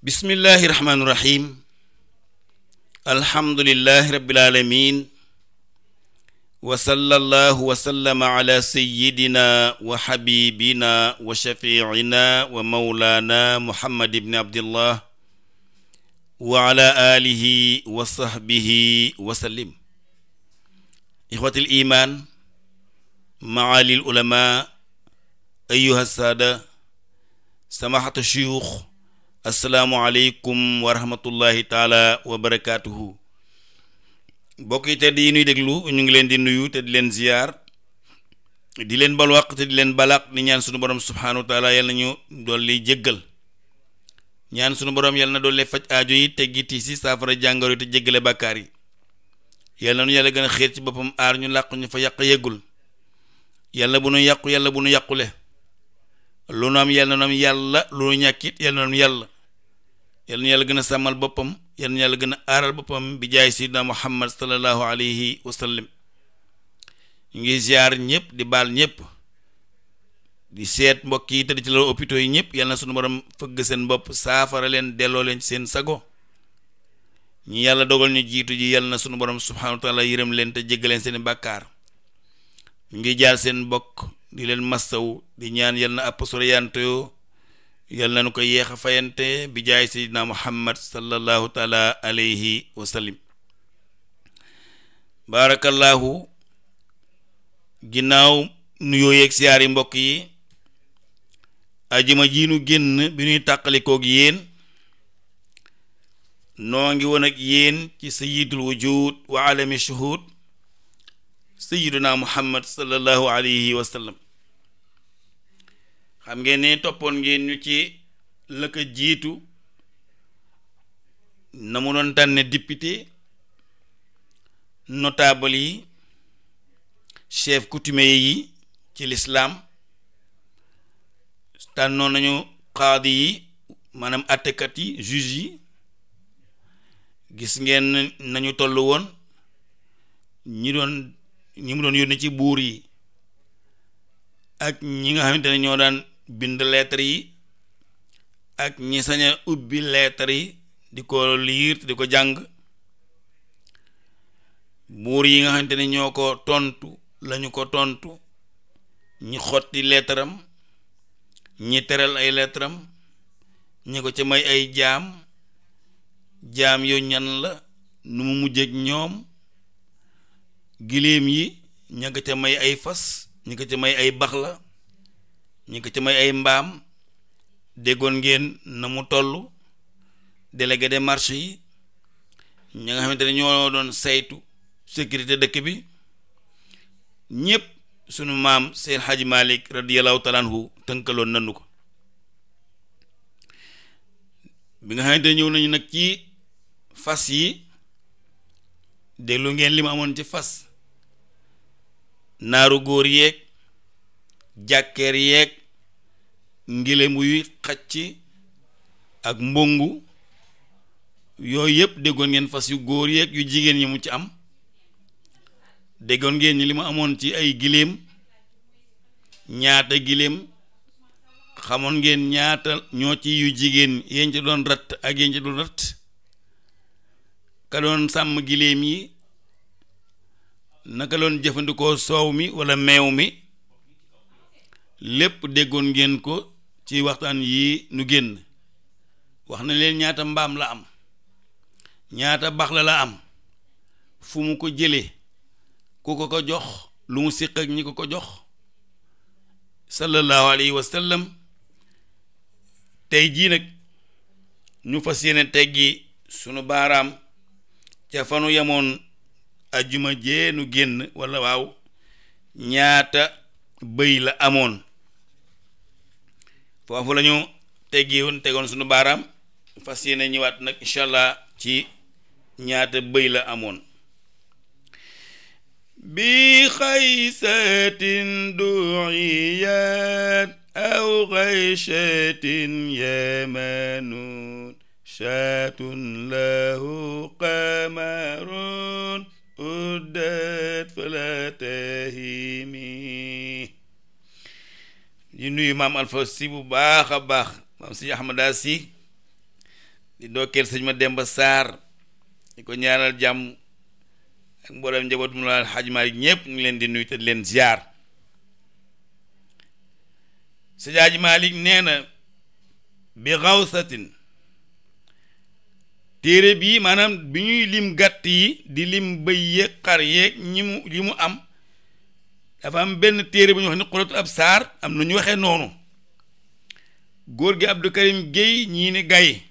bismillahi rahmaani rahim alhamdulillahi rabbil aalamiin wa sallallahu wa sallama ala sayyidina wa xabibina wa shafiicina wa mawlaana muhammad ibni abdillah wa ala aalihi wa sahbihi wa sallim ixwatil iimaan maalil ulamaa ayyuha saada samaaxata shuyuux asalaamualeykum wa rahmatullahi taala wa barakaatuhu tedd yi nuy déglu ñu ngi leen di nuyu te di leen ziyaar di leen balwaq te di leen balaq di ñaan sunu borom subhaanahu wa taala yal na ñu dolli jéggal ñaan sunu boroom yal na dolli faj aajo yi te tiis yi saafara jàngoro yi te jéggale bàkkaar yi yal na nu yàlla gën a xéer ci boppam aar ñu làq ñu fa yàq yëggul yàlla bu nu yàqu yàlla bu nu yàqule lu nu am yàlla na nu am yàlla lu nu ñàkkit yàlla yal na yàlla gën a sàmmal boppam yal yàlla gën a aaral boppam bi jaay sayyidina muhammad sallallahu alayhi wa sallam ñu ngi ziar ñëpp di baal ñëpp di seet mbokk yi ci la yi ñëpp yal na sunu borom fëgg seen bopp saafara leen delloo leen seen sago ñi yàlla dogal ñu jiitu ji yal sunu borom subhanahu wa yërëm leen te jéggal leen seen bàkkaar ñu ngi jaar seen mbokk di leen massaw di ñaan yal na app sore yantoyo yal nañu ko yéex a fayante bi jaay seydina muhammad sallallahu taala alayhi wa sallim baarakallaahu ginnaaw nuyoo yeeg mbokk yi ajuma ji nu génn bi ñuy tàqalikoog yéen noo ngi woon yéen ci sayidul wujud wa alami shuhud sayiduna muhammad sallallahu alayhi wa xam ngeen ne toppoon ngeen ñu ci la jiitu na mu doon tànne député notable yi chef coutumier yi ci lislaam tànnoon nañu xaadi yi maanaam àttekat yi juge yi gis ngeen nañu toll woon ñi doon ñi mu doon yónni ci buur yi ak ñi nga xamante ne ñoo daan bind lettre yi ak ñi sañ a ubbi lettre yi di ko liir di ko jàng buur yi nga xamante ne ñoo ko tontu lañu ko tontu ñi xotti leetaram ñi teral ay leetaram ñi ko ca may ay jaam jaam yo ñan la nu mu mujjeek ñoom giléem yi ña ko ca may ay fas ñi ko ca may ay bax la ñu ngi ko ci may ay mbaam déggoon ngeen na mu toll délégué des marchés yi ñi nga xamante ne ñoo doon saytu sécurité dëkk bi ñëpp sunu maam seen xaji malik radiallahu taala anhu tënkaloon nanu ko bi nga xamante ne ñëw nañu nag ci fas yi déglu ngeen li mu amoon ci fas naaru góor yéeg jàkkeer yeeg ngile muy xacc ak mbongu yooyu yëpp déggoon ngeen fas yu góor yeeg yu jigéen ñi mu ci am déggoon ngeen ñi li ma amoon ci ay giléem ñaata giléem xamoon ngeen ñaata ñoo ci yu jigéen yéen ci doon ratt ak yéen ci doon ratt ka sàmm giléem yi naka doon jëfandikoo soow mi walla meew mi lépp déggoon ngeen ko ci waxtaan yii nu génn wax na leen ñaata mbaam la am ñaata bax la la am fu mu ko jële ku ko ko jox lu mu siq ak ñi ko ko jox sallallahu alayhi wa sallam tey jii nag ñu fa yéene teggi sunu baaraam ca fanu yamoon ajuma jee nu génn walla waaw ñaata bëy la amoon foofu la ñu teggiwoon tegoon suñu baaraam fas yéene ñëwaat nag incha allah ci ñaata bëy la amoon bi xaysatin duiyat aw xaysatin yamanun shaatun lahu qamarun uddat falatahi di nuyu maam Alpha si bu baax a baax maam si Ahmada si di dokkeel sëñ ma Demba saar di ko ñaanal jàmm ak mboolem njaboot mu la Xaaj Maalik ñëpp ñu leen di nuy te leen ziar sëñ Xaaj Maalik nee bi xawsatin téere bii maanaam bi ñuy lim gàtt yi di lim bëy yeeg xar yeeg ñi mu am dafa am benn téere bu ñu wax ni xulatul ab saar am na ñu waxee noonu góor gi Abdou Karim Guèye ñii ni Gaye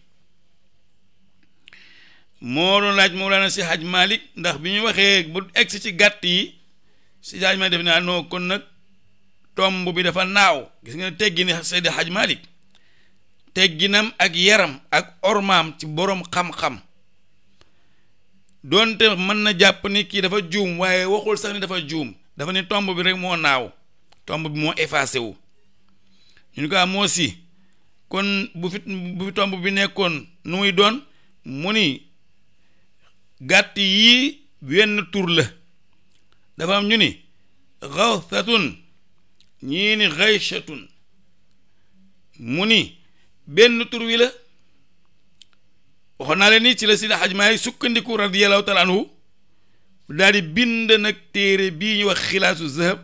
moo doon laaj Mawlana si Hadj Malick ndax bi ñu waxee bu egsi ci gàtt yi si Hadj Malick def kon nag tomb bi dafa naaw gis nga ne teggi ni Seydi Hadj Malick tegginam ak yaram ak ormaam ci boroom xam-xam doonte mën na jàpp ni kii dafa juum waaye waxul sax ni dafa juum dafa ne tomb bi rek moo naaw tomb bi moo effacé wu ñu ni ko ah, si kon bu fi tomb bi nekkoon nu muy doon mu ni gàtt yii wenn tur la dafa am ñu ni xawsatun ñii ni xaysatun mu ni benn tur wi la waxoon naa leen ni ci la si da xaj maay sukkandiku radiallahu taala anhu daal di bind nag téere bii ñu wax xilaasu zahab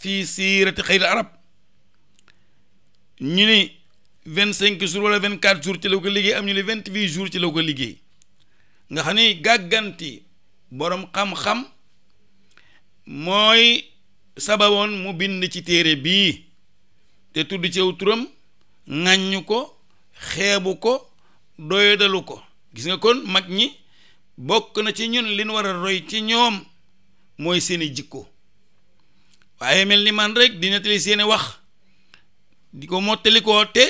fii siirati xayril arab ñu ni vingt cinq jours wala vingt quatre jours ci la ko liggéey am ñu ni vingt huit jours ci la ko liggéey nga xam ni gàgganti boroom xam-xam mooy sababoon mu bind ci téere bi te tudd ci aw turam ŋàññ ko xeebu ko doyadalu ko gis nga kon mag ñi bokk na ci ñun li war a roy ci ñoom mooy seeni jikko waaye mel ni man rek di nettali seeni wax di ko mottali ko te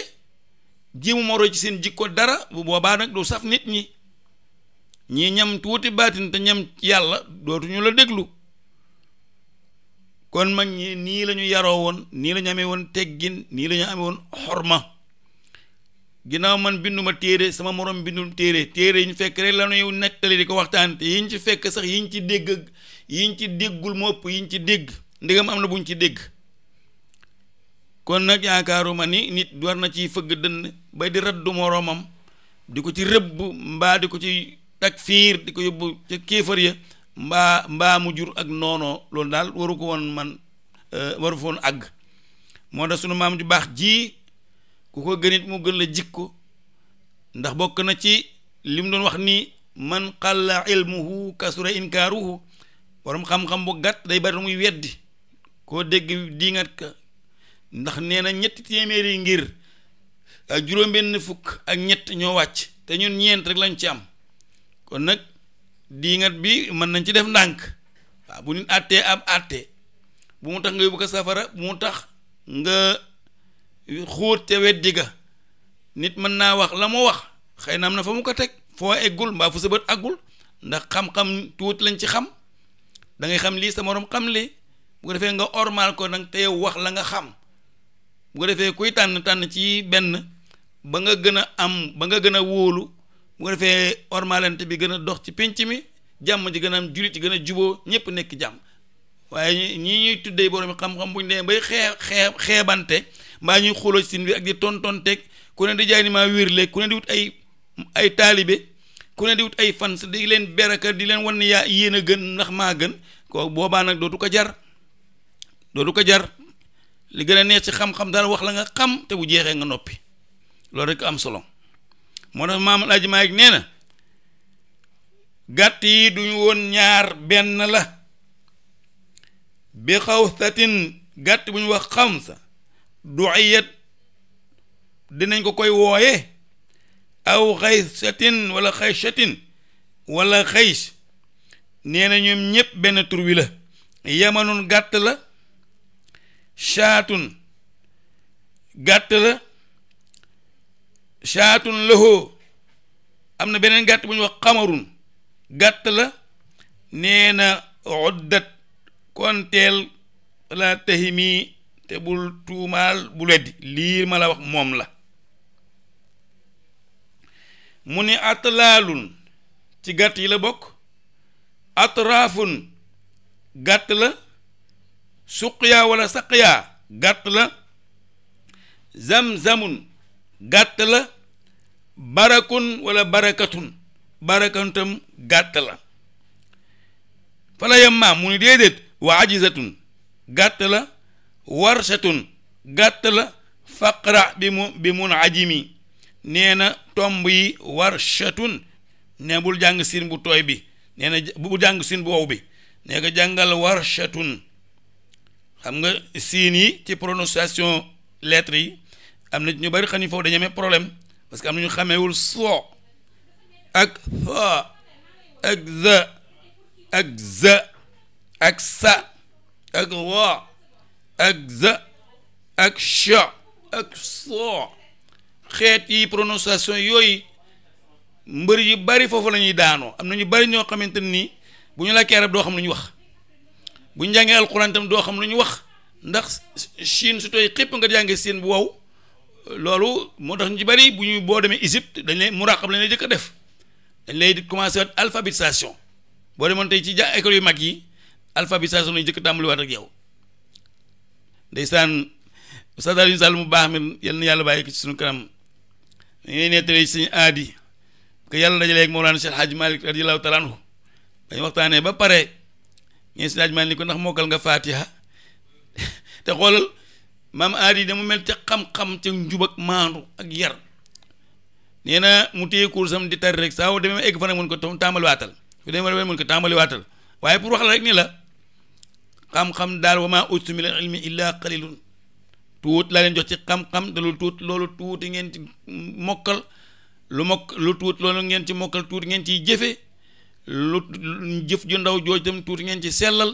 jéemu ma roy ci seen jikko dara bu boobaa nag du saf nit ñi ñii ñam tuuti baatin te ñam yàlla dootuñu la déglu kon mag ñi nii lañu yaroo woon nii lañu amee woon teggin nii lañu amee woon xorma ginnaaw man binduma téere sama morom bindum téere téere yi ñu fekk rek la ñuy nettali di ko waxtaan te yiñ ci fekk sax yiñ ci dégg yiñ ci déggul mopp ëpp yiñ ci dégg ndegam am na buñ ci dégg kon nag yaakaaruma ni nit war na ci fëgg dënn bay di raddu moroomam di ko ci rëbb mbaa di ko ci takfiir di ko yóbbu ca kéefar ya mbaa mbaa mu jur ak noonoo loolu daal waru ko woon man euh, waru foon àgg moo tax sunu maam ju baax ji ku ko gënit mu gën la jikko ndax bokk na ci li mu doon wax ni man qalla ilmuhu kasura inkaaruhu borom xam-xam bu gàtt day bari muy weddi koo dégg diingat ka ndax nee na ñetti téeméeri ngir ak juróom-benn fukk ak ñett ñoo wàcc te ñun ñeent rek lañ ci am kon nag diingat bi mën nañ ci def ndànk waaw bu nit àttee ab àtte bu mu tax nga yóbbu ko safara bu mu tax nga xuut te weddi ga nit mën naa wax la mu wax xëy na am na fa mu ko teg foo eggul mbaa fu sa bët aggul ndax xam-xam tuuti lañ ci xam dangay xam lii sa moroom xam lii bu defee nga ormal ko nag te yow wax la nga xam bu defee kuy tànn tànn ci benn ba nga gën a am ba nga gën a wóolu bu defee ormalante bi gën a dox ci pénc mi jàmm ji gën a am julit yi gën a juboo ñëpp nekk jàmm waaye ñii ñuy tuddee borom xam-xam bu ñu demee bay xee xee xeebante mbaa ñuy xuloo ci sin bi ak di tontonteeg ku ne di jaay ni maa wér ku ne di wut ay ay ku ne di wut ay fans di leen beraka di leen wan yaa yéen a gën ndax maa gën ko boobaa nag dootu ko jar dootu ko jar li gën a neex ci xam-xam daal wax la nga xam te bu jeexee nga noppi loolu rek am solo moo tax maam Alaaji Maalik nee na gàtt yi duñu woon ñaar benn la bi xawsatin gàtt bu ñu wax xam sa duciyat dinañ ko koy wooye aw xaysatin wala xaysatin wala xays nee na ñoom ñépp benn tur la yamanun gàtt la shaatun gàtt la shaatun lahoo am na beneen gàtt bu ñu wax xamarun gàtt la neena na uddat konteel la tahimi te bu tuumaal bul weddi lii ma la wax moom la mu ni atlaalun ci gàtt yi la bokk atraafun gàtt la suqyaa walla saqyaa gàtt la zamzamun gàtt la barakun wala barakatun barakantam gàtt la fala yem ma mu ni déedéet wa ajizatun gàtt la warsatun gàtt la faqra bi mu bi mun ajimi nee tomb yi warshatun ne bul jàng siin bu tooy bi nee na jàng siin bu wow bi nee nga jàngal warshatun xam nga siin yi ci prononciation lettres yi am na ñu bari xam ni foofu dañu amee problème parce que am na ñu xameewul soo ak fa ak za ak za ak sa ak wa ak za ak sha ak so xeet yi prononciation yooyu mbër yi bari foofu la ñuy daanoo am na ñu bari ñoo xamante nii bu ñu làkkee arab doo xam lu ñu wax bu ñu jàngee alxuraan tam doo xam lu ñu wax ndax Chine su tooy xépp nga jàngee seen bu wow loolu moo tax ñu ci bari bu ñu boo demee Égypte dañ lay muraqab lañ lay jëkk a def dañ lay commencé waat alphabétisation boo demoon tey ci ja école yu mag yi alphabétisation lañu jëkk tàmbaliwaat ak yow ndeysaan Oustaz Alioune Sall mu baax mi yàlla bàyyi ko ci suñu kanam dañuy nettali suñu aadi que yàlla dajaleeg Mawlana Cheikh Hadj Malick radiyallahu taala anhu dañu waxtaanee ba pare ñee si Hadj Malick ni ko ndax mokkal nga Fatiha te xoolal maam aadi dama mel ca xam-xam ca njub ak maandu ak yar nee mu téye kursam di tar rek saa woo demee egg fa nag mun ko tàmbali waatal su demee mën ko tàmbali waaye pour wax la rek ni la. xam-xam daal wa maa utiitum min al-ilmi illaa qalilun laa leen jox ci xam-xam da lu tuut loolu tuuti ngeen ci mokkal lu mokk lu tuut loolu ngeen ci mokkal tuuti ngeen ciy jëfe lu jëf ndaw jooj tam tuuti ngeen ci sellal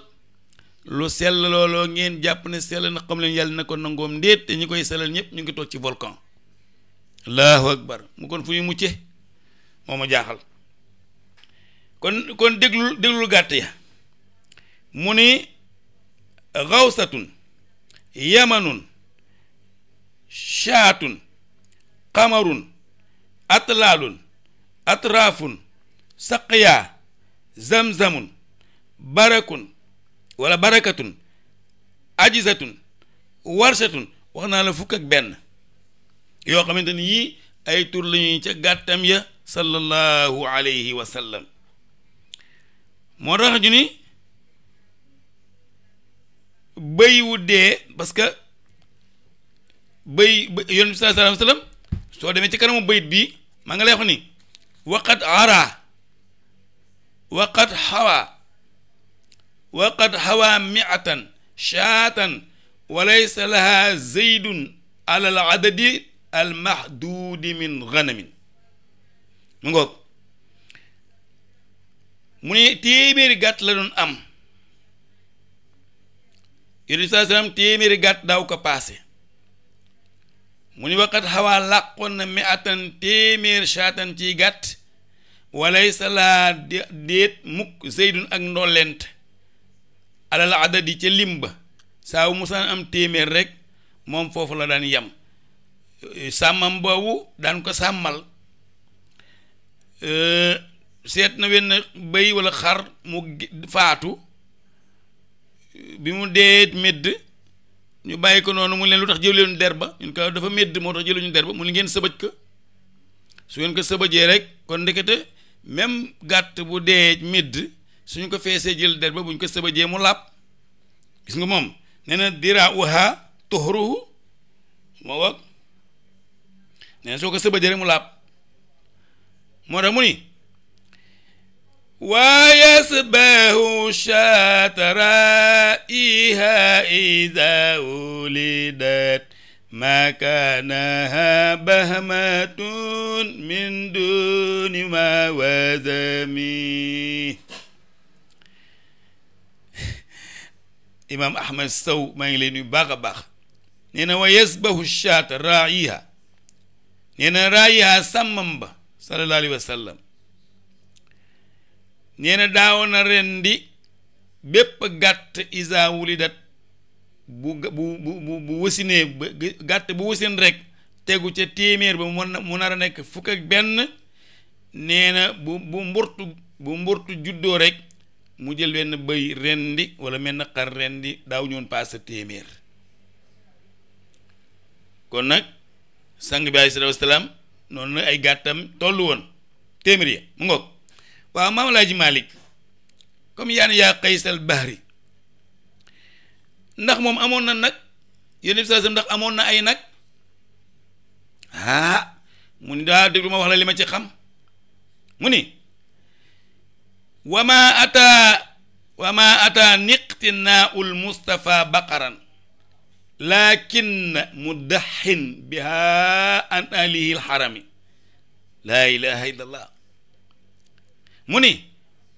lu sell looloo ngeen jàpp ne sell na xam leen yàlla na ko nangoom ndéet te ñi koy sellal ñëpp ñu ngi toog ci volcan allahu akbar mu kon fu ñu mucce moo ma jaaxal kon kon déglul déglul gàtt ya mu ni xawsatun yamanun shaatun qamarun atlaalun atraafun saqyaa zamzamun barakun wala barakatun ajizatun warsatun wax naa la fukk ak benn yoo xamante ni yii ay tur la ñuy ca gàttam ya sallallahu alayhi wa sallam moo tax ju ni bëy wu dee parce que bëy yonent bi sallallahu alayhi wa sallam soo demee ci kanamu bëyit bii maa nga lay wax ni waqat ara waqat xawa waqat xawa miatan shaatan wa laysa laha zeydun ala al adadi al mahduudi min ganamin mu ngoog mu ne téeméeri gàtt la doon am yonent bi sallallahu alayhi téeméeri gàtt daaw ko paase mu ni waxat xawaa làqoon na mi atan téeméer shaatan ciy gàtt walay salaa déet mukk zeydun ak ndollent alal adadi ca lim ba saa wu musaan am téeméer rek moom foofu la daan yem euh, sàmmam boobu daan ko sàmmal euh, seet na wenn bëy walla xar mu faatu bi mu dee medd ñu bàyyi ko noonu mu leen lu tax jëluñu der ba ñun ko dafa medd moo tax jëluñu der ba mu ne ngeen sëbëj ko su ngeen ko sëbëjee rek kon ndekete même gàtt bu dee medd suñ ko feesee jël der ba buñ ko sëbëjee mu làpp gis nga moom nee na dira uha tuhruhu moo wax nee soo ko sëbëjee rek mu làpp moo tax mu ni ويسبه شاترائها إذا ولدت مكانها بهمة من دون ما وزمي imaam Ahmed Sow maa ngi leen nuyu baax a baax nee na wa yasbahu shaat raayiha nee na raayiha sàmmam ba sallallahu alayhi wa sallam nee na daawoon na ren bépp gàtt isa wulidat bu bu bu bu wasinee gàtt bu wasin rek tegu ca téeméer ba mu nar a nekk fukk ak benn nee na bu bu mburtu bu mburtu juddoo rek mu jël benn bëy rendi wala menn xar rendi daaw ñoon paas téeméer kon nag sang bi alayhi salaam noonu ay gàttam tollu woon téeméer ya mu ngoog waaw maam laaji Malick comme yaan yaa qaysal bahri ndax moom amoon na nag yonent bi sallallahu alayhi wasallam ndax amoon na ay nag ah mu ni daa déglu ma wax la li ma ci xam mu ni wama ata wama ata niqtinaul mustafa baqaran lakin mudaxin biha an alihi lxarami laa ilaha illa allah mu ni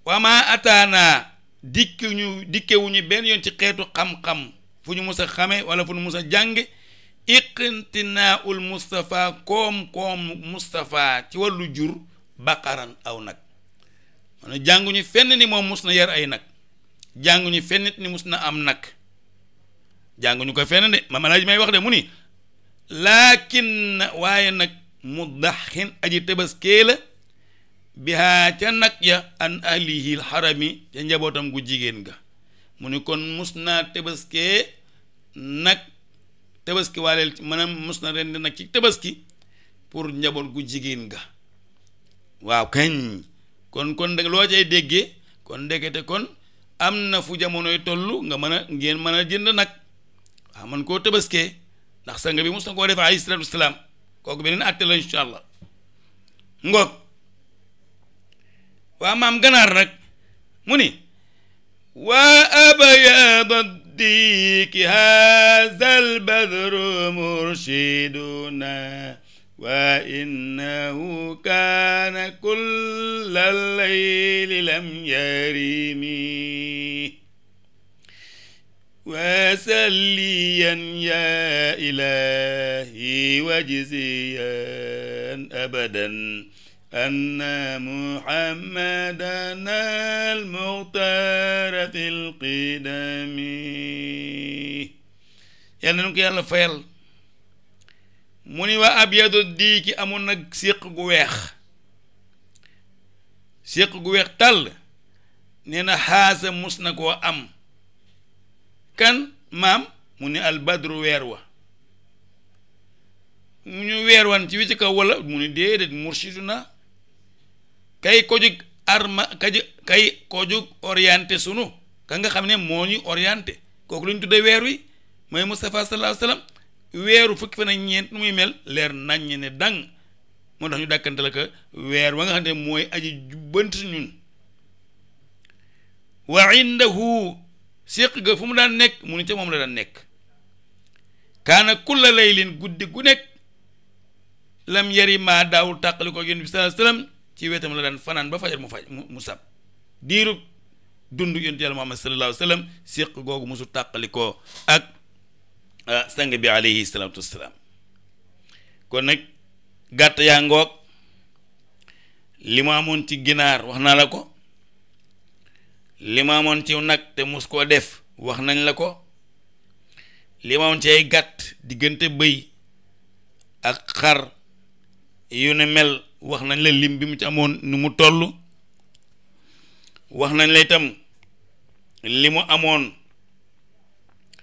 wa ma ataana dikk ñu dikkewuñu benn yoon ci xeetu xam-xam fu ñu mus a xame wala fu ñu mus a jànge iqtinaaul Moustapha koom-koom Moustapha ci wàllu jur baqaran aw nag jàng jànguñu fenn ni moom mus na yar ay nag jànguñu fenn ni mus na am nag jànguñu ko fenn de maam alaaji may wax de mu ni laakin waaye nag mu daxin aji tëbaskee la bihaa ca nag ya an alihi xarami ca njabootam gu jigéen ga mu ni kon mus naa tabaskee nag tabaski waaleel maanaam mus na rendi nag ci tabaski pour njaboot gu jigéen ga waaw kañ kon kon loo cay déggee kon ndekete kon am na fu jamonoy toll nga mën a ngeen mën a jënd nag waaw mën koo tabaskee ndax sang bi mus na koo def alayhi salaatu wasalaam kooku beneen àtte la incha allah ngoog waa maam ganaar nag mu ni waa abayaada diiki haazal badru murshiduna wa innahu kaana kulla layli lam yarimi وسليا يا إلهي وجزيا أبدا أن محمدا المختار في القدم yal na nu ko yàlla fayal mu ni waa abyadu diiki amoon nag séq gu weex séq gu weex tàll nee na xaasa mus na koo am kan maam mu ni albadru weer wa mu ñu weer wan ci wi ci kaw wala mu ni déedéet mursiduna kay ko jug arma kay kay ko orienté sunu ka nga xam ne moo ñuy orienté kooku lu ñu tuddee weer wi mooy Moustapha sallallahu alayhi weeru fukki fan ñeent nu muy mel leer naññ ne dàng moo tax ñu dàkkante la ko weer wa nga xam ne mooy aji jubbant ñun wa indahu séq ga fu mu daan nekk mu ni ca moom la daan nekk kaana kulla leen guddi gu nekk lam yari maa daawul tàqali ko yonent bi sallallahu alayhi ci wetam la daan fanaan ba fajar mu faj mu sab diirub dund yontu yàlla muhammad sallallahu alayhi wa sallam googu musu tàqalikoo ak ah, sang bi alayhi salaatu wasalaam kon nag gàtt yaa ngoog li ma amoon ci ginaar wax naa la ko li ma amoon ci nag te mus koo def wax nañ la ko li ma amoon ci ay gàtt diggante bëy ak xar yu ne mel wax nañ la lim bi mu ci amoon nu mu toll wax nañ la itam li mu amoon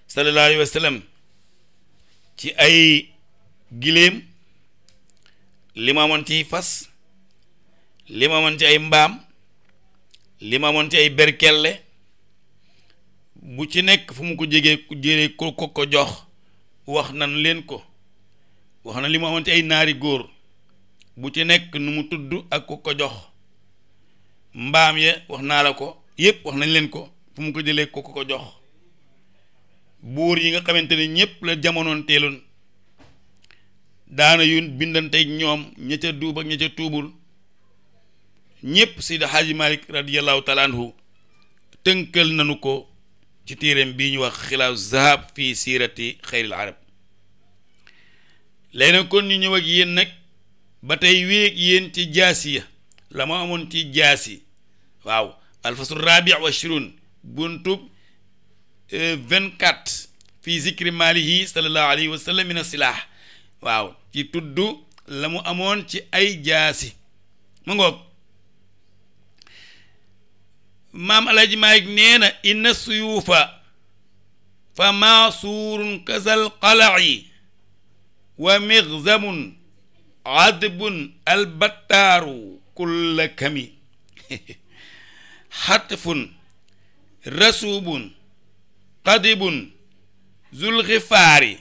sallallahu alayhi ci ay giléem li mu amoon ci fas li mu amoon ci ay mbaam li mu amoon ci ay berkelle bu ci nekk fu mu ko jégee jëlee ko ko ko jox wax nañ leen ko wax na li mu amoon ci ay naari góor bu ci nekk nu mu tudd ak ku ko jox mbaam ya wax naa la ko yépp wax nañ leen ko fu mu ko jëlee ku ko jox buur yi nga xamante ne ñëpp la jamonoon teeloon daana yu bindanteeg ñoom ña ca duub ak ña tuubul ñépp Seydi Haaji Malik radiyallahu taala tënkal nañu ko ci téereem bi ñu wax xilaasu zahab fii siirati xayril arab léegi nag kon ñu ñëw ak yéen nag ba tey wéeg yéen ci jaasiya la ma amoon ci jaasi waaw alfasu rabi wa shirun buntub euh, vingt fi zikri maalihi sallallahu alayhi waaw ci tudd la mu amoon ci ay jaasi mu ngoog maam alhaji maalik nee na inna suyuufa fa maasuurun kasal qalaci wa mixzamun adbun albattaaru kulla kami xatfun rasuubun qadibun zulxifaari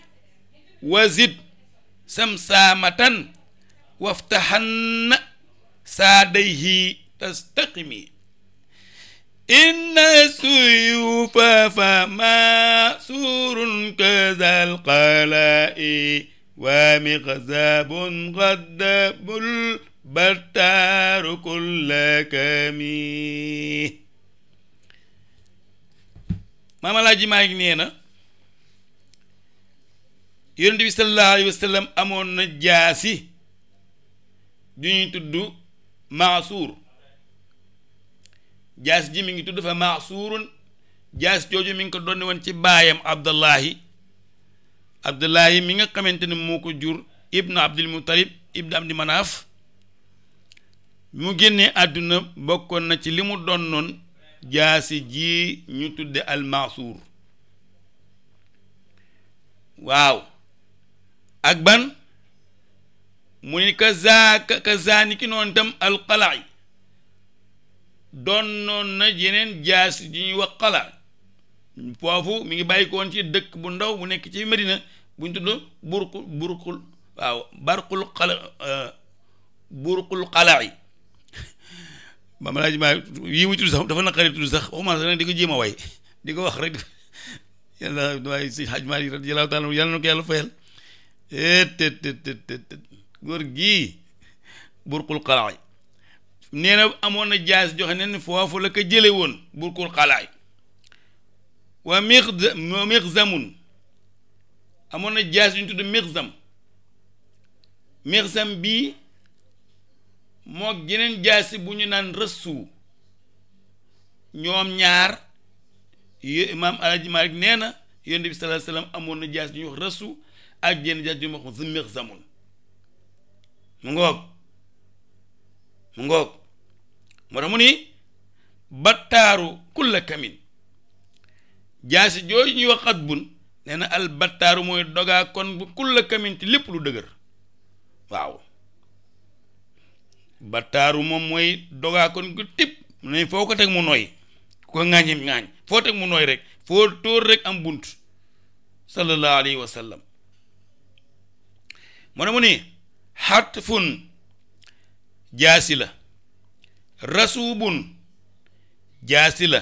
wazid samsaamatan waftaxanna saadayhi tastaqimi inna suyuufa fa maasurun kazal qalaa'i ومغزاب غداب البتار كل كمي maam Alaaji Maalik nee na yonent bi sallallahu alayhi wa sallam amoon na jaasi ju ñuy tudd maasuur jaasi ji mi ngi tudd fa maasuurun jaasi jooju mi ngi ko doon ci baayam Abdallahi abdullahi mi nga xamante ne moo ko jur ibnu abdul muttalib ibnu abdi manaaf mu génnee àdduna bokkoon na ci li mu donnoon jaasi ji ñu tudde almaasuur waaw ak ban mu ni ka zaa ka zaani ki noonu tam alqalaay donnoon na yeneen jaasi ji ñuy wax xala foofu mu ngi bàyyi ci dëkk bu ndaw bu nekk ci Medina bu ñu tudd burku burkul waaw barkul yi ma ma laaj maa yii muy tudd sax dafa naqari tudd sax waxuma sax di ko jéem a way di ko wax rek yàlla waaye si xaj maa yi radiyallahu taala yàlla na ko yàlla fayal te te te te góor yi nee na amoon na jaas joxe nen la ko jële woon burkul xalaa yi wa miq zamun amoon na jaas yu ñu tudd mirzam mirzam bii moo geneen jaasi bu ñu naan rëssu ñoom ñaar yo imaam Alaaji Maalik nee na yonent bi sallallahu amoon na jaas yu ñuy wax rëssu ak genn jaas yu ñuy wax mirzamun mu ngoog mu ngoog moo tax mu ni battaaru kulla kamin jaasi jooju ñuy wax xat bun nee na albattaaru mooy dogaa bu kulla kaminti lépp lu dëgër waaw battaaru moom mooy dogaa kon gu tip ne foo ko teg mu nooy ko ŋaañim ŋaañ foo teg mu nooy rek foo tóor rek am bunt sallallahu alayhi wa sallam mu ne mu ni xatfun jaasi la rasuubun jaasi la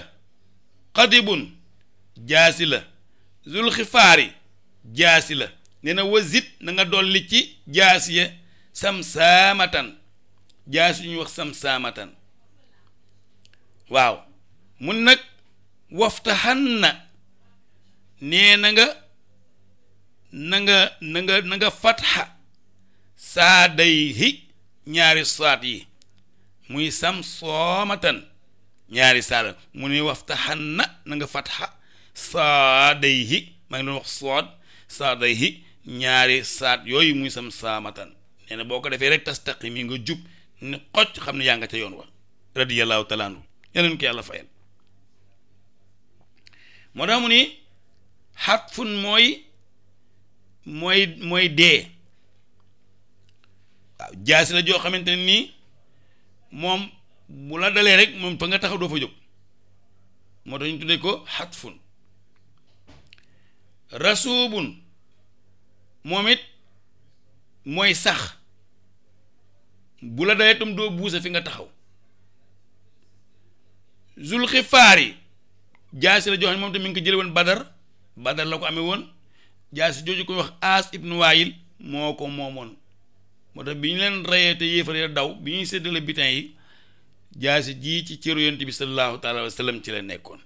xadibun jaasi la zul jaasi la nena na wasit na nga dolli ci jaasi ya samsaamatan jaasi yu ñuy wax samsaamatan waaw mun nag waftahanna nee na nee na nga na nga na fatxa saadayhi ñaari saat yi muy sam soomatan ñaari saada mu ne waftahanna na nga fatxa saadayhi maa ngi doon wax saad saadayhi ñaari saad yooyu muy sam saamatan nee boo ko defee rek tastaqim mi nga jub ni xocc xam ne yaa nga ca yoon wa radiyallahu taala anhu yeneen ko yàlla fayal moo tax mu ni xatfun mooy mooy mooy dee waaw joo xamante ne nii moom bu la dalee rek moom fa nga taxaw doo fa jóg moo tax ñu tuddee ko fun rasuubun moom it mooy sax bu la dayee tam doo buusa fi nga taxaw zul yi jaasi la joxoon moom te mi ngi ko jële woon badar badar la ko amee woon jaasi jooju ko wax aas ibnu waayil moo ko moomoon moo tax bi ñu leen reyee te yéefare daw bi ñuy séddale bitin yi jaasi jii ci cëru yonent bi sallallahu taala wa sallam ci leen nekkoon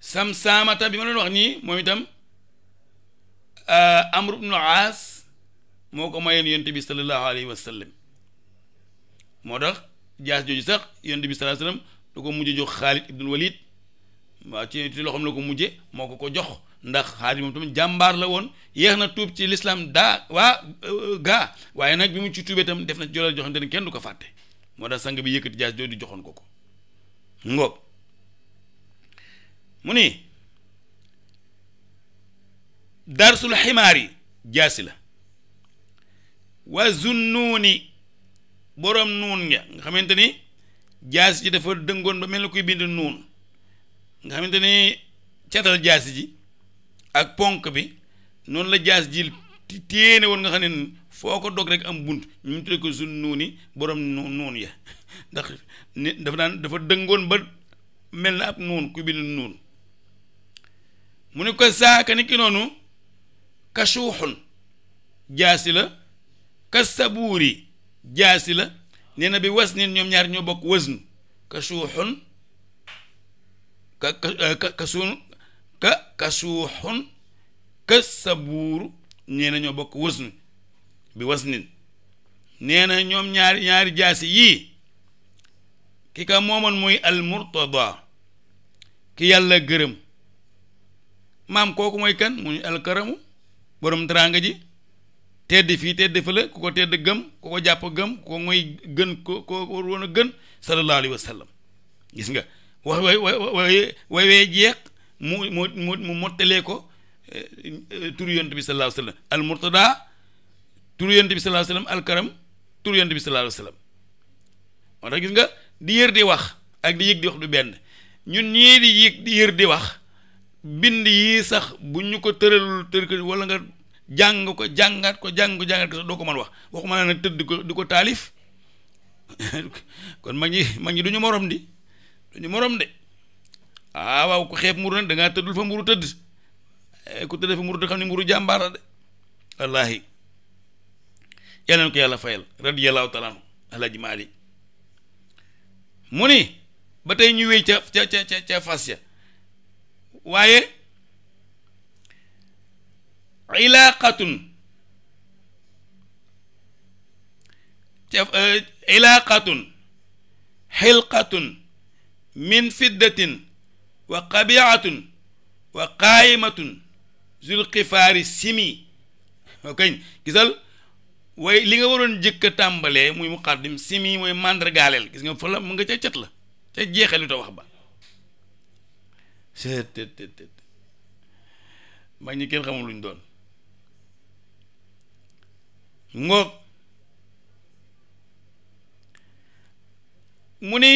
sam saamata bi ma doon wax nii moom itam euh, amru bnu aas moo ko mayoon yonent bi sallallahu alayhi wa sallam moo tax jaas jooju sax yonent bi sallallahu alayhi da ko mujj jox xaalid ibnul walid waaw ko mujje moo ko ko jox ndax xaalid moom tamit jàmbaar la woon yéex na tuub ci lislaam daa waa euh, gaa waaye nag bi mu ci tuubee tam def na ci jolal ne kenn du ko fàtte moo tax sang bi yëkkati jaas jooju joxoon ko ko ngoog mu ni darsul ximaari jaasi la wa zunnuuni boroom nuun nga nga xamante ni jaasi ji dafa dëngoon ba mel ni kuy bind nuun nga xamante ni catal jaasi ji ak ponk bi noonu la jaas ji téene woon nga xam ne foo ko dog rek am bunt ñu tudde ko zunnuuni boroom nuun ya ndax ni dafa daan dafa dëngoon ba mel na ab nuun kuy bind nuun mu ne ko saaka ni ki noonu ka suuxun jaasi la ka sabuuri jaasi la nee bi was nit ñoom ñaar ñoo bokk wasnu ka suuxun ka ka eh, ka suuxun ka sabuuru nee ñoo bokk wasnu bi was nit nee na ñoom ñaari jaasi yii ki ka moomoon mooy almurtada ki yàlla gërëm maam kooku mooy kan mu ñu alkaramu borom teraanga ji tedd fii tedd fële ku ko tedd gëm ku ko jàpp gëm ku ko mooy gën ko ko woon a gën sallallahu alayhi wa sallam gis nga bi sallallahu eh, eh, bi sallallahu alayhi wa bi sallallahu alayhi wa gis nga di yër di wax ak di yëg di wax du benn ñun ñii di yëg di yër di wax bind yii sax bu ñu ko tëralul tër wala nga jàng ko jàngaat ko jàng ko jàngaat ko sax doo ko mën wax waxuma naa nag tëdd di ko di ko taalif kon mag ñi mag ñi du ñu morom di du ñu morom de ah waaw ku xeeb mburu nag da ngaa tëddul fa mburu tëdd eh, ku tëdd fa mburu tëdd xam ne mburu jàmbaar la de wallaahi yal ko yàlla fayal radiyallahu taala anhu alaaji maali mu ni ba tey ñu wéy ca ca ca ca fas ya waaye ilaaqatun eh, ilaaqatun xilqatun min fiddatin wa qabiatun wa qaayimatun zulqifaari simi ok gisal way li nga waroon jëkk a tàmbalee muy muqaddim simi mooy màndargaaleel gis nga fa la mu nga ca cat la ca jeexal li ta wax ba seet teet kenn xamul lu ñu doon ngoog mu ni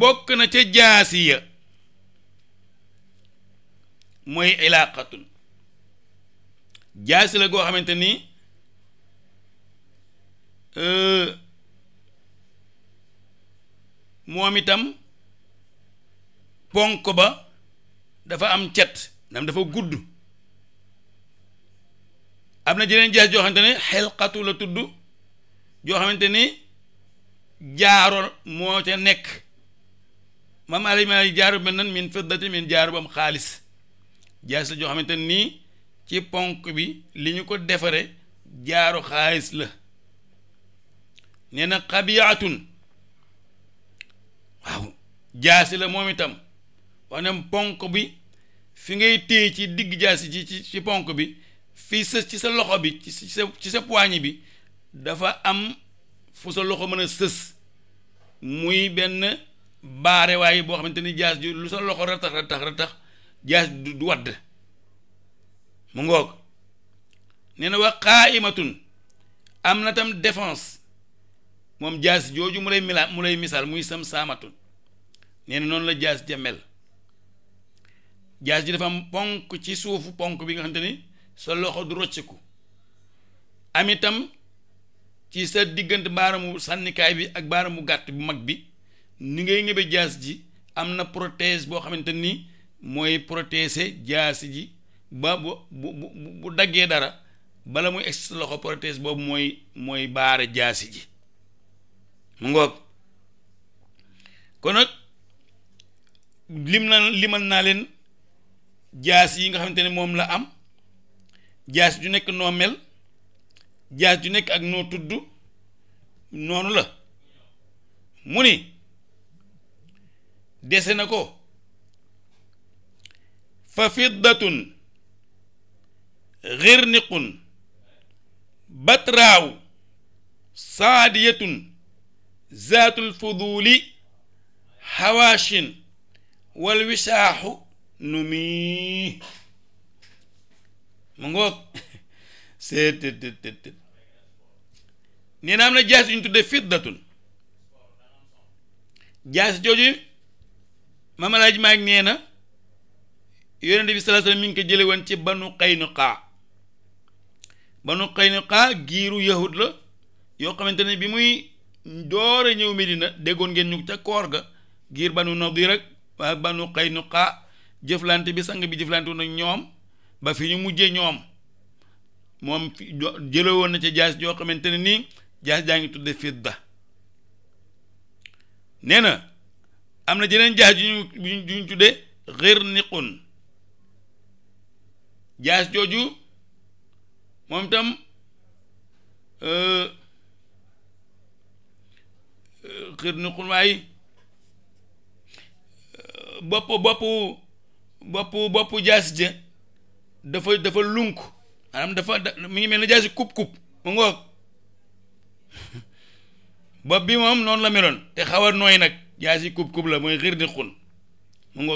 bokk na ca jaasiya mooy ilaaqatun jaasi la goo xamante ni euh, moom itam ponk ba dafa am cet nam dafa gudd am na jeneen jaas joo xamante ne xelqatu la tudd joo xamante ni jaaro moo ca nekk maam alay ma jaaro mel nan min fiddati min jaaru bam xaalis jaas la joo xamante nii ci ponk bi li ñu ko defaree jaaro xaalis la nee na xabiyaatun waaw jaasi la moom itam wax ne ponk bi fi ngay téye ci digg jaas jaasi ci ci ponk bi fii sa ci sa loxo bi ci sa poigne bi dafa am fu sa loxo mën a sës muy benn baare waaye boo xamante ni jaas ju lu sa loxo ratax ratax ratax jaas du wadd mu ngoog nee na wax qaaimatun am na tam défense moom jaas jooju mu lay mila mu lay misaal muy sam saamatun nee noonu la jaas ja mel jaas ji dafa am ponk ci suufu ponk bi nga xamante ni sa loxo du rocciku am itam ci sa diggante baaramu sànnikaay bi ak baaramu gàtt bu mag bi ni ngay ngëbe jaas ji am na protège boo xamante ni mooy protéger jaas ji ba bu bu bu daggee dara bala muy egsi sa loxo protège boobu mooy mooy baare jaas ji mu ngoog kon nag lim na limal naa leen jaas yi nga xamante ne moom la am jaas ju nekk noo mel jaas ju nekk ak noo tudd noonu la mu ni dese na ko fa fiddatun xirniqun batraaw saadiyatun zaatul fuduli hawaashin wal wisaaxu nu mi mu ngoog seet tët tët tët na am na jaas yu ñu tuddee fiddatun jaas jooju mamalaaji ma nee na yonente bi sallallahu alayhi wasallam mi ngi ko jële woon ci banu Qaynuqaa banu Qaynuqaa giiru yahud la yoo xamante ne bi muy doore ñëw Medina déggoon ngeen ñu ca koor ga giir banu Nadir ak waa banu Qaynuqaa jëflante bi sang bi jëflante woon ak ñoom ba fi ñu mujjee ñoom moom jële woon na ca jaas joo xamante ne nii jaas jaa ngi tudde fidda nee na am na jeneen jaas yu ñu yu ñu tudde xirniqun jaas jooju moom tam euh, euh, xirniqun waaye euh, bopp boppu bopp boppu jaasi ja dafa dafa lunk maanaam dafa mi ngi mel ne jaasi kub kub mu ngoog noonu la meloon te xaw a nag jaasi kub kub la mooy xir di xun mu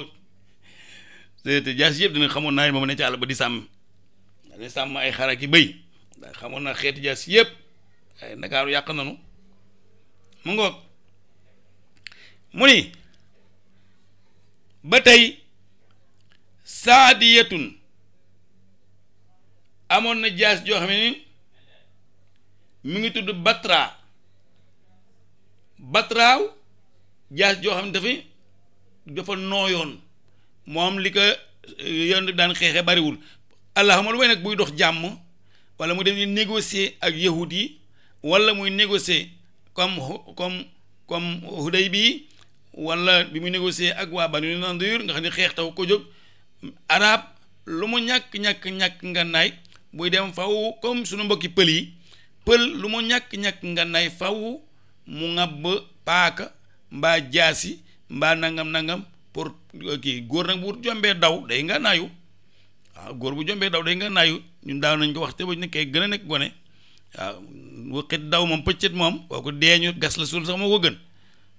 yëpp xamoon naa moom ne ci ba di sàmm di ay xara ki bëy xeeti jaasi yëpp ay mu ni ba tey saadiyatun amoon na jaas joo xam ni mu ngi tudd batra batraw jaas joo xam ne dafa dafa nooyoon moom li ko eh, yoon daan xeexe bariwul allahuma lu may nag buy dox jàmm wala mu dem di négocier ak yahud yi wala muy négocier comme comme comme Hudaybi wala bi muy négocier ak waa Banu Nandir nga xam ne xeex taw ko jóg arab lu mu ñàkk-ñàkk-ñàkk nga naay buy dem faw comme suñu mbokki pël yi pël lu mu ñàkk-ñàkk nga naay faw mu ŋàbb paaka mbaa jaasi mbaa nangam-nangam pour euh, kii góor nag bu jombee daw day nga naayu waaw góor bu jombee daw day nga naayu ñun daaw nañ ko wax te ba nekkee gën a nekk gone waaw wëqit daw moom pëccët moom kooku deeñu gas la suul sax moo ko gën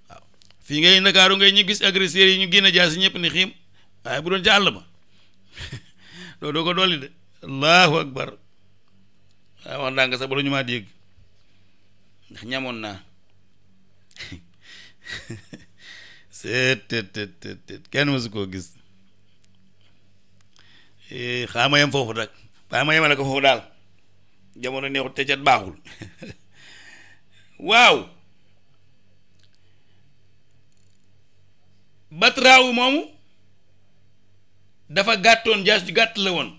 waaw fii ngay ndakaaru ngay ñu gis agresseurs yi ñu a jaasi ñëpp ni xiim waaye bu doon ca àll ba doo doo ko dolli de allahu akbar waaw wax ndànk sax bala ñu maa dégg ndax ñamoon naa seet tet tet kenn mësu koo gis eh, xaa ma yem foofu rek waaye ma yemale ko foofu daal jamono neexut te cat baaxul waaw batraawu moomu dafa gàttoon jaas ju gàtt la woon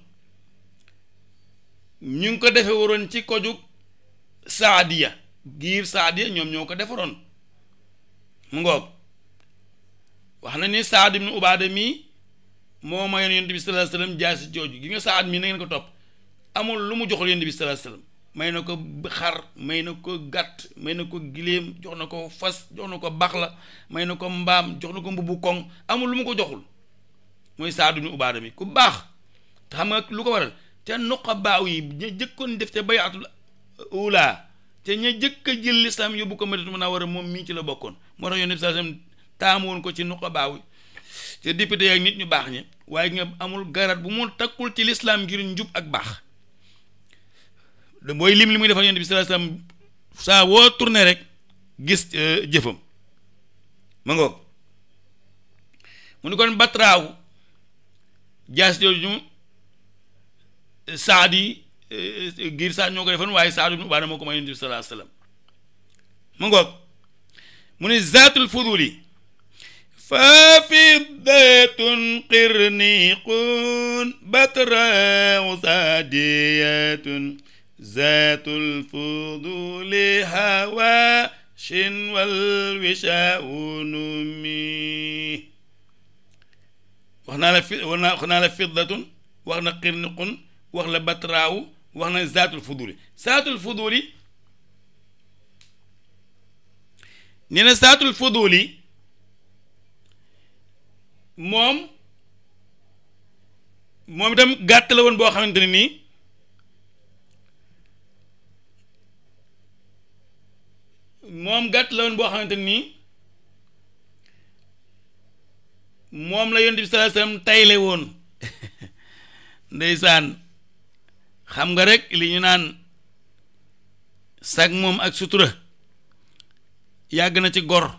ñu ngi ko defe waroon ci kojug saadiya giir saadiya ñoom ñoo ko defaroon mu ngoog wax na ni saad mu ubaada mii moo mayoon yonent bi salaa sallam jaasi jooju gi nga saad mii na ko topp amul lu mu joxul yonent bi salaa may na ko xar may na ko gàtt may na ko giléem jox na ko fas jox na ko baxla may na ko mbaam jox na ko mbubb koŋ amul lu mu ko joxul mooy saadu ibnu ubaada bi ku baax xam nga lu ko waral te baaw yi ñu jëkkoon def te bayatul ula te ña jëkk a jël lislaam yóbbu ko madinatu munawwara moom mii ci la bokkoon moo tax yonent bi sallallahu alayhi wasallam taamu ko ci nuqabaaw yi te député ak nit ñu baax ñi waaye nga amul garat bu mu takkul ci lislaam ngir njub ak baax mooy lim li muy defal yonent bi sallallahu alayhi saa woo tourné rek gis euh, jëfam ma ngoog mu ni kon batraaw jaas jooju saad yi saad ñoo ko defoon waaye saad ibnu ubaada moo ko may yonent bi salaa sallam mu ngoog mu ne zaatul fuduli fa fiddatun qirniqun batraw saadiyatun hawa shin wal unumi wax naa la fi wax naa la fiddatun wax na xirniqun wax la batraawu wax na zaatul fuduli zaatul fuduli nee na zaatul fuduli moom moom itam gàtt la woon boo xamante ne nii moom gàtt la woon boo xamante nii moom la yonent bi sallallahu alayhi wa tayle woon ndeysaan xam nga rek li ñu naan sag moom ak sutura yàgg na ci gor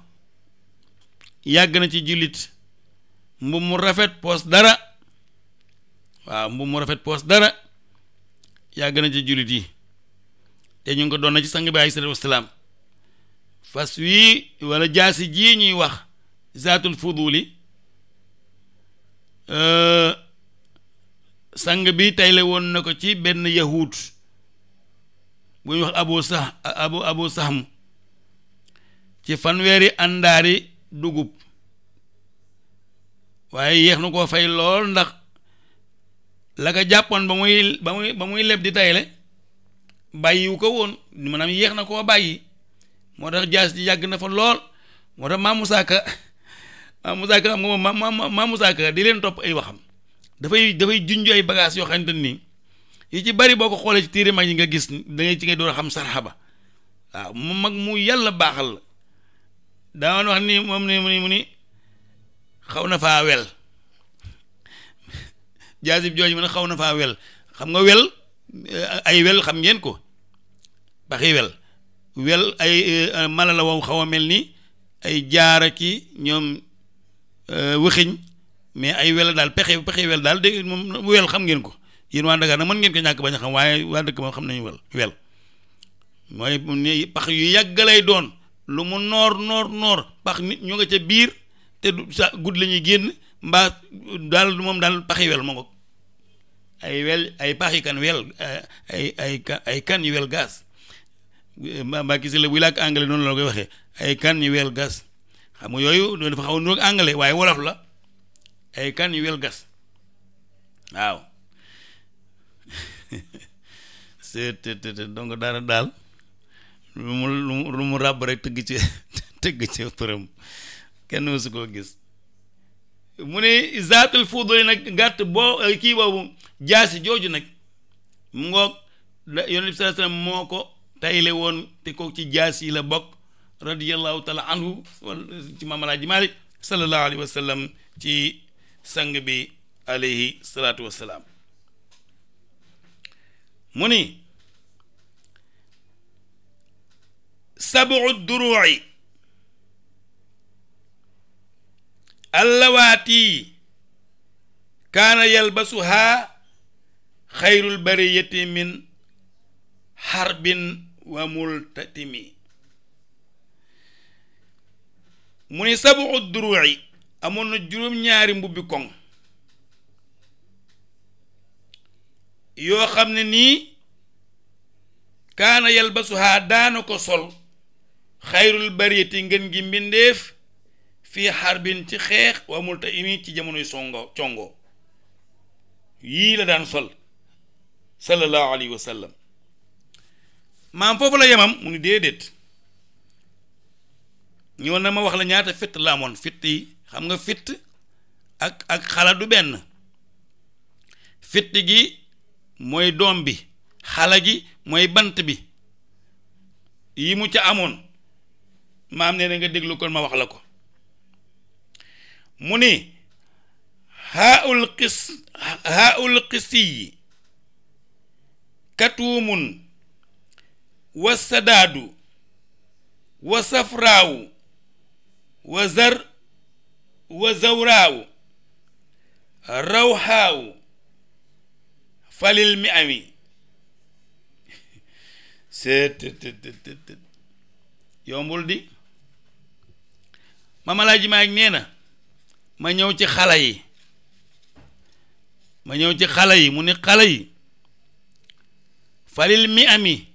yàgg na ci jullit mbubb mu rafet poos dara waaw mbubb mu rafet poos dara yàgg na ci jullit yi te ñu ngi ko doon na ci sang bi alayhi salaatu wasalaam fas wii wala jaasi jii ñuy wax zaatul fuduli Euh, sang bi tayle woon na ko ci benn yahuud bu wax abo sax abo abo saxam ci fanweeri àndaari dugub waaye yéex na koo fay lool ndax laka ko jàppoon ba muy ba muy leb di tayle bàyyiwu ko woon maanaam yéex na koo bàyyi moo tax jaas yàgg na fa lool moo tax Maam Musaa ah Moussa Ka leen topp ay waxam dafay dafay junj ay bagages yoo xamante ni yi ci bari boo ko xoolee ci téere mag yi nga gis da ngay ci ngay doon xam sarxaba mu mag mu yàlla baaxal la daan wax ni moom ni mu ni xaw na faa wel jaasib jooju man xaw na faa wel xam nga wel eh, ay wel xam ngeen ko baxi wel wel ay eh, mala la xaw a mel ni ay jaara ki ñoom Euh, wëxiñ mais ay wel daal pexe pexe wel daal dégg moom wel xam ngeen ko yéen waa Dakar nag mën ngeen ko ñàkk bañ a xam waaye waa dëkk moom xam nañu wel wel mooy pax yu yàgg doon lu mu noor noor noor pax nit ñu nga ca biir te du sa gudd la ñuy génn mbaa daal moom daal paxi wel moo ko ay wel ay pax yi kan wel ay ay ay kan yu wel gaz mbaa gis la bu làkk anglais noonu la koy waxee ay kan yu wel gaz xam nga yooyu loolu dafa xaw a nuroog anglais waaye wolof la ay kan yu wel gas waaw seetete donc dara daal lu mu lu mu ràbb rek tëgg ci tëgg ci përëm mu ne zaatul fuuduli nag gàtt boo eh, kii boobu jaasi jooju nag mu ngoog yonent bi sallallahu alayhi wasallam moo ko tayle woon te ko ci jaas yi la bokk radiallahu taala anhu ci maam alaaji malik sallallahu alayhi wa sallam ci sang bi alayhi salaatu wassalaam mu ni sabu duruuci allawaatii kaana yalbasuhaa xayrul bariyati min xarbin wa multatimi mu ni sabu duruuci amoon na juróom-ñaari mbubbi koŋ yoo xam ne nii kaana yalbasuhaa daana ko sol xayrul bariyati ngën gi mbindeef fii xarbin ci xeex wa multa imi ci jamonoy songo congo yii la daan sol sallallahu alayhi wa maam foofu la yemam mu ni déedéet ñëw na ma wax la ñaata fitt la amoon fitt yi xam nga fitt ak ak xala benn fitt gi mooy doom bi xala gi mooy bant bi yi mu ca amoon maam nee na nga déglu koon ma wax la ko mu ni haaul qis haaul qisiyi katuumun wa sadaadu wa wa zar wa zawraawu rawxaawu falil mi ami seet yombul di mamalaa ji maag nee na ma ñëw ci xale ma ñëw ci xale yi mu ni xale yi falil mi ami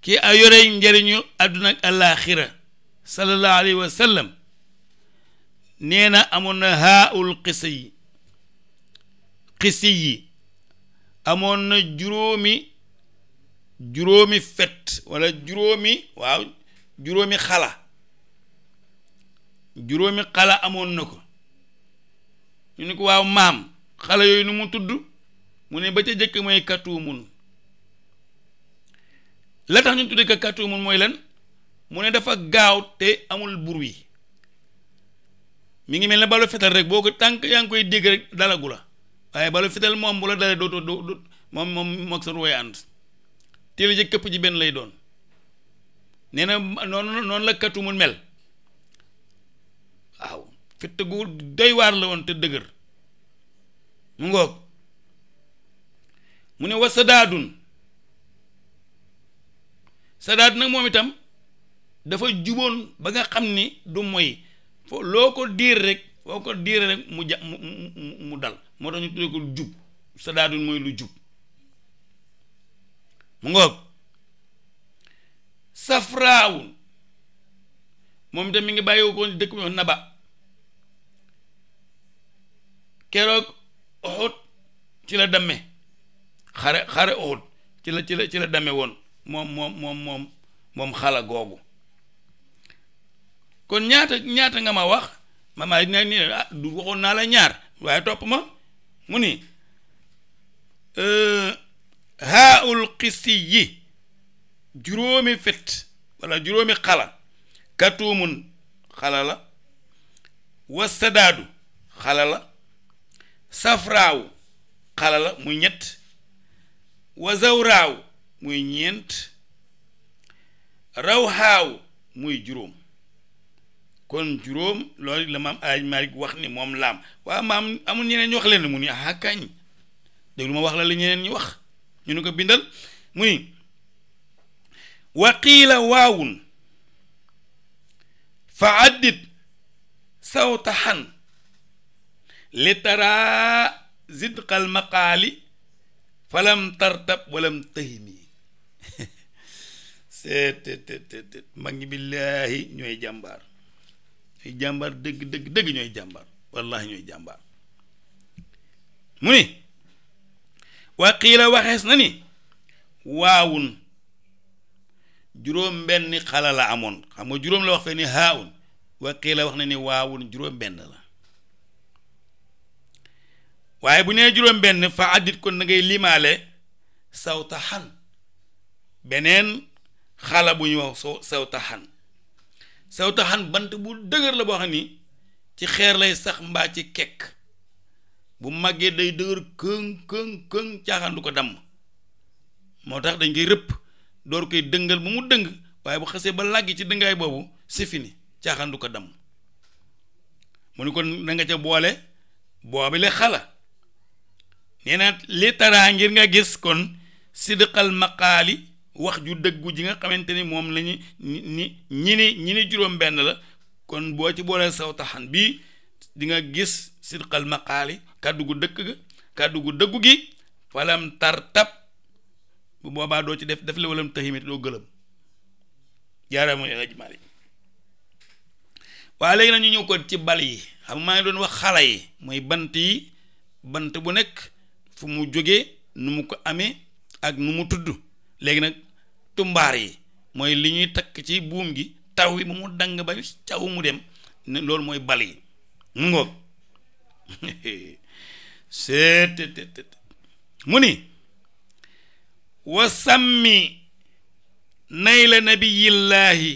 ki a yore njariñu àdduna ak àllaaxira sallallahu alayhi wa sallam na amoon na haaul xisa yi amoon na juróomi juróomi fet wala juróomi waaw juróomi xala juróomi xala amoon na ko ñu ne ko waaw maam xala yooyu nu mu tudd mu ne ba ca jëkk mooy katuumun la tax ñu tudde ko katuumun mooy lan mu ne dafa gaaw te amul bruit mu ngi mel ne balu fetal rek boo ko tànk yaa ngi koy dégg dalagu la waaye balu fetal moom bu la dalee dootoo doo moom moom ànd teel a këpp ji benn lay doon nee na noonu mu mel waaw fitt gu doy waar la woon te ne wa sadaadun sadaad nag moom itam dafa juboon ba nga xam ni du moy foo loo ko diir rek foo ko diir rek mu ja mu mu dal moo tax ñu tuddee ko jub sa daadul mooy lu jub mu ngoog safraawun moom itam mi ngi bàyyi ko dëkk bi naba keroog Uhud ci la demme xare xare Uhud ci la ci la ci la demme woon moom moom moom moom xala googu kon ñaata ñaata nga ma wax ma maa ne ni ah du waxoon naa la ñaar waaye topp ma mu ni euh, haaul xisi yi juróomi fet wala juróomi xala katuumun xala la wasadaadu xala la safraawu xala la muy ñett wa muy ñeent rawxaaw muy juróom kon juróom loolu la maam Alaaji Maalik wax ni moom laam waaw maam amul ñeneen ñu wax leen mu ni ah kañ déglu ma wax la la ñeneen ñu wax ñu ne ko bindal mu ni waqiila waawun fa addit sawta xan li taraa sidqal maqaali falam tartab walam tahimi seet mag ñi billaahi ñooy jàmbaar jàmbaar dëgg dëgg dëgg ñooy jàmbaar wallahi ñooy jàmbaar mu ni waa qiila waxees na ni waawun juróom benn xala la amoon xam nga juróom la wax fee ni haawun waa qiila wax na ni waawun juróom benn la waaye bu nee juróom benn fa addit kon da ngay limaale sawtaxan beneen xala bu ñu wax sawtaxan saw taxan bant bu dëgër la boo xam ni ci xeer lay sax mbaa ci kekk bu màggee day dëgër këng këng këng caaxaan ko damm moo tax dañ koy rëpp door koy dëngal bu mu dëng waaye bu xasee ba làggi ci dëngaay boobu c'est fini caaxaan du ko damm mu ni kon na ca boole boobi le xala nee na li taraa ngir nga gis kon sidqal maqaali wax ju dëggu ji nga xamante ni moom la ñu ni ñi ni ñi ni juróom-benn la kon boo ci booleel saw taxan bii di nga gis sidqal maqaali kàddu gu dëkk kàddu gu dëggu gi walam tar tab bu boobaa doo ci def def la walam taximit doo gëlëm jaaraamu El Hadj Malick ñëw ko ci bal yi xam maa ngi doon wax xala yi mooy bant yi bant bu nekk fu mu jógee nu mu ko amee ak nu mu tudd léegi nag tumbaar yi mooy li ñuy takk ci buum gi taw bi mu dang ba caw mu dem ne loolu mooy bali yi mu ngoog seet mu ni wa sàmmi nayla nabiyillaahi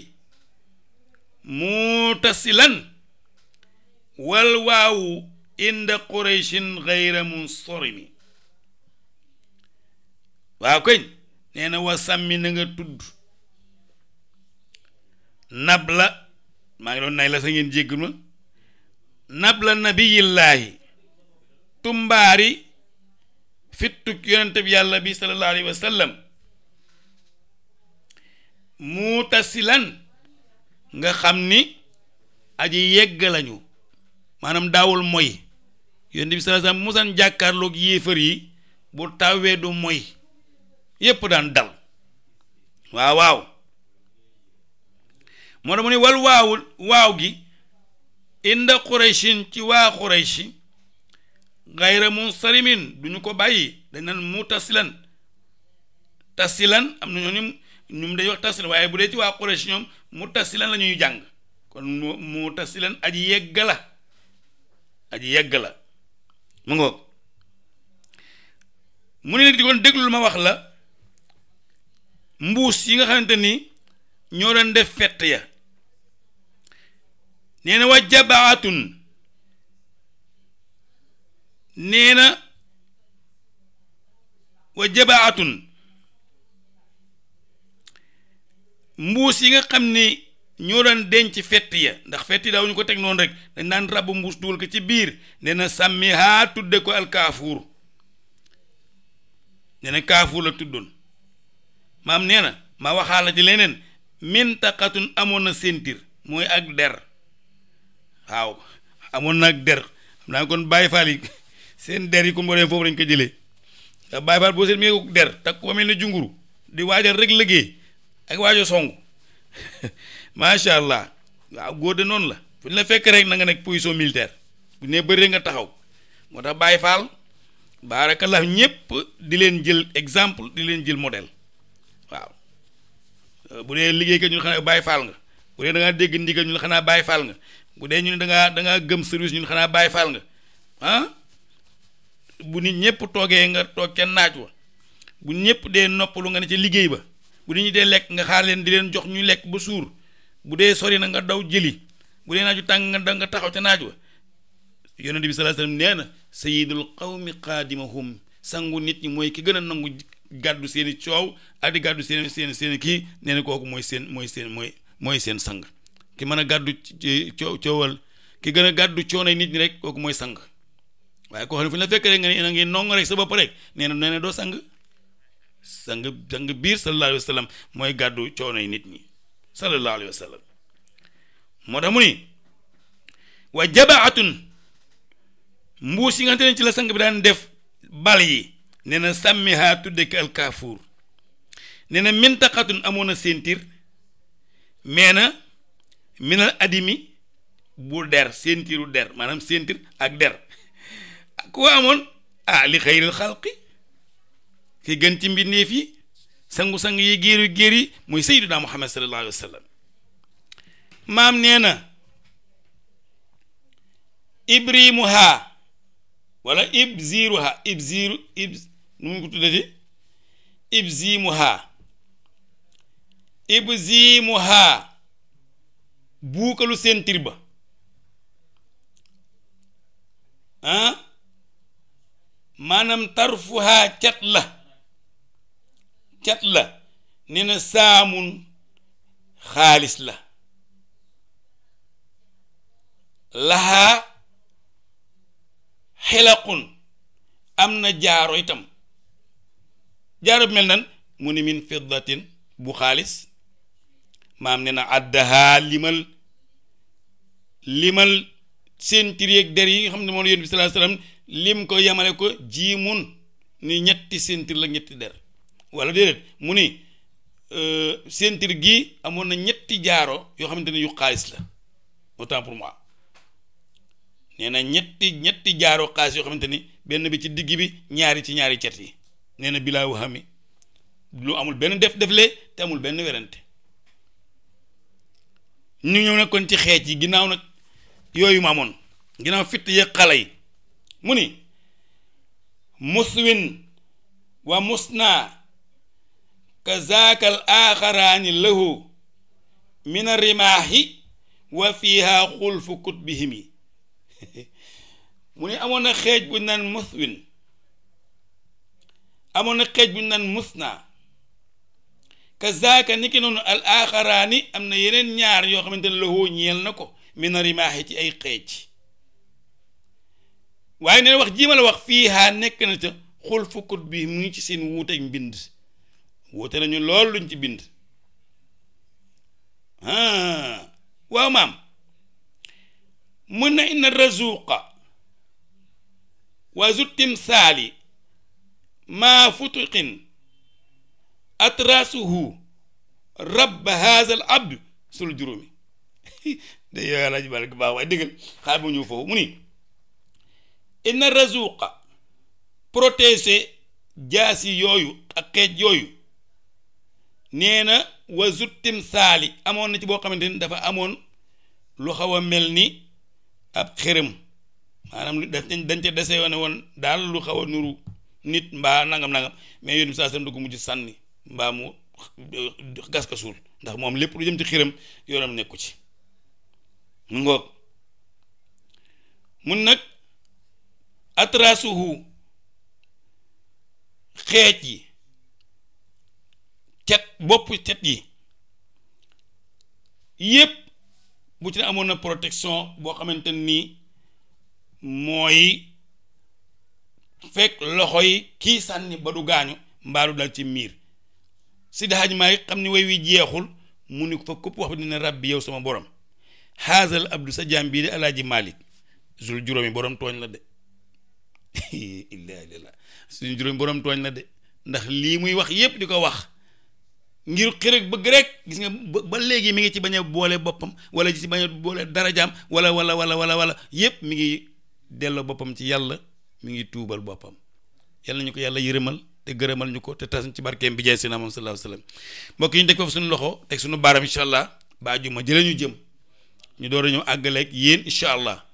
mutasilan wal waawu inda qurayshin gayra munsorimi waaw koñ nee na wa sàmmi na nga tudd nab la maa ngi doon nay la sa ngeen jégg ma nab la nabiyillaahi tumbaari fittuk yonente bi yàlla bi sallallahu alayhi wa sallam muutasilan nga xam ni aji yegg lañu maanaam daawul moy yonente bi sallallahu alayhi wa sallam yéefar yi bu tawwee du moy yépp daan dal waaw waaw moo tax mu ne wal waawul waaw gi inda xuraysin ci waa xuraysi xayra munsarimin duñu ko bàyyi dañ naan mu tasilan tasilan am na ñoo ñum dañuy wax tasilan waaye bu dee ci waa xuraysi ñoom mu tasilan la ñuy jàng kon mu tasilan aji yegg la aji yegg la mu ngoog mu ne déglu lu ma wax la mbuus yi nga xamante ni ñoo doon def fett ya nee na wa jabaatun nee na wa jabaatun mbuus yi nga xam ni ñoo daan denc fett ya ndax fett yi daawuñu ko teg noonu rek dañ daan rabb mbuus dugal ko ci biir nee na sàmmi haa tudde ko alkaafuur nee kaafuur la tuddoon maam nee na ma waxaala ci leneen mintaqatun amoon na sentir mooy ak der waaw amoon na ak der xam naa kon Baay Faal yi seen der yi ko mboolem foofu ko jëlee ndax boo seen mi ngi der takk ko mel di waajal rek liggéey ak waajo song macha allah waaw góor de noonu la fu ñu la fekk rek na nga nekk position militaire bu ne bëri nga taxaw moo tax Baay Faal baarakallah ñëpp di leen jël exemple di leen jël model waaw euh, bu dee liggéey ka ñu xanaa bàyyi faal nga bu dee da ngaa dégg ndigal ñun xanaa bàyyi faal nga bu dee ñu ne dangaa ngaa gëm service ñun xanaa bàyyi faal nga ah bu nit ñëpp toogee nga toog kenn naaj wa bu ñëpp dee noppalu nga ne ca liggéey ba bu nit ñu dee lekk nga xaar leen di leen jox ñu lekk ba suur bu dee sori na nga daw jëli bu dee naaju tàng nga taxaw ca naaj wa yonent bi sa alayhi wasallam nee na sayyidul qawmi qaadimahum sangu nit ñi mooy ki gën a nangu gàddu seeni coow ak gàddu seen seen seen kii nee na kooku mooy seen mooy seen mooy mooy seen sang ki mën a gàddu coow coowal ki gën a gàddu coonay nit ñi rek kooku mooy sang waaye koo xam ne fu ñu la fekk rek nga ne na ngi rek sa bopp rek nee na nee doo sang sang sang biir sallallahu alayhi wa sallam mooy gàddu coonay nit ñi sallallahu alayhi wa moo tax mu ni wa jabaatun mbuus yi nga xamante ci la sang bi daan def bal yi nee na sàmmihaa tudde ki alkaafuur nee na mintaqatun amoon a sentir mais na minal adimi bu der sentiru der maanaam sentir ak der ku amoon ah li xëyril xalqi ki gën ci mbindeef yi sangu-sang yi géeru géer yi mooy sayyiduna muhammad sallallahu alayhi maam nee na ibrimuha wala ibziruha nu mu ko tuddati ibzimuha ibzimuha buukalu sentir ba ah maanaam tarfuha cat la cat la nee na saamun xaalis la lahaa xelaqun am na jaaro itam jaaro bi mel nan mu ni min fiddatin bu xaalis maam ne na addahaa limal limal seen tireeg der yi nga xam ne moom yonent bi sallallahu alayhi wasallam lim ko yamale ko jiimun ni ñetti sentir la ñetti der wala déedéet mu ni euh, sentir gi amoon na ñetti jaaro yoo xamante ne yu xaalis la autant pour moi nee na ñetti ñetti jaaro xaalis yoo xamante ni benn bi ci digg bi ñaari ci ñaari cet yi nee na bilaa lu amul benn def defle te amul benn werante ñu ñëw nag ci xeec yi ginnaaw nag yooyu ma amoon ginnaaw fitt ya xale mu ni muswin wa musna kazaaka al aaxaraani lahu min a rimaahi wa fiiha xulfu kutbihimi mu ni amoon na xeej bu naan muswin amoon na xeej bu ñu naan musna kazaaka ni ki al axaraani am na yeneen ñaar yoo xamante ne la woo na ko mina rimaaxi ci ay xeej waaye neen wax jiima la wax fiihaa nekk na ca xul fukkut bi mu ngi ci seen wuuteeg mbind wuute nañu lool luñ ci bind ah, waaw maam mun na inna razuqa wa zu timsaali maa futuqin atrasuhu rabb haza al abd sul juróomi da yow Alaaji Malik baax waaye dëggal xaar bu ñëw foofu inna razuqa protéger jaasi yooyu ak xeej yooyu nee na wa zuttim saali amoon na ci boo xamante ni dafa amoon lu xaw a mel ni ab xërëm maanaam lu def dañ ca dese woon daal lu xaw a nuru nit mbaa nangam nangam mais yonent bi saa sallam da ko mujj sànni mbaa mu gas ko suul ndax moom lépp lu jëm ci xiram yoonam nekku ci mu ngoog mun nag atrasuhu xeej yi cet bopp cet yi yépp bu ci ne amoon na protection boo xamante nii mooy fekk loxo yi kii sànni ba du gaañu mbaalu dal ci miir si Sidi Hadj Malick xam ni way wi jeexul mu ni ko fa këpp wax bi dina rabbi yow sama borom xaasal abdu sa jaam bii de alaaji Malick suñu juróomi borom tooñ la de illaa illaa tooñ la de ndax lii muy wax yépp di ko wax ngir xërëg bëgg rek gis nga ba léegi mi ngi ci bañ a boole boppam wala ci bañ a boole darajaam wala wala wala wala wala yépp mi ngi delloo boppam ci yàlla mi ngi tuubal boppam yàlla ñu ko yàlla yërëmal te gërëmal ñu ko te tas ci barkeem bi jaay seen amoon sallallahu alayhi wasallam mbokk yi ñu teg foofu suñu loxo teg suñu baaram incha allah ba ajuma jëlee ñu jëm ñu door a ñëw àggaleeg yéen incha allah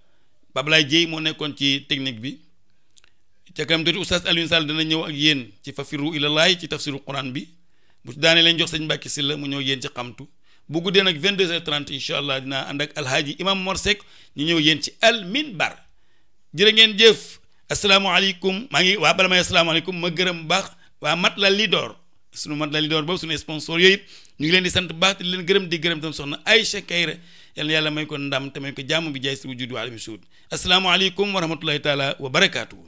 Bablaye Dieye moo nekkoon ci technique bi ca kanam tuuti oustaz Alioune Sall ñëw ak yéen ci fafiru ilallaay ci tafsiru quran bi bu daanee leen jox sëñ Mbàkke Sylla mu ñëw yéen ci xamtu bu guddee nag 22h30 incha allah dina ànd ak alhaaji imam Mor Seck ñu ñëw yéen ci al minbar jërë ngeen jëf asalaamaaleykum maa ngi waa bala may asalaamaaleykum ma gërëm bu baax waa mat la li door sunu mat la li door su sunu sponsor yooyu ñu ngi leen di sant bu baax te leen gërëm di gërëm tam soxna Aïcha Kayre yal na yàlla may ko ndam te may ko jàmm bi jaay si wujud wa alami suud asalaamaaleykum wa rahmatullahi taala wa barakaatu.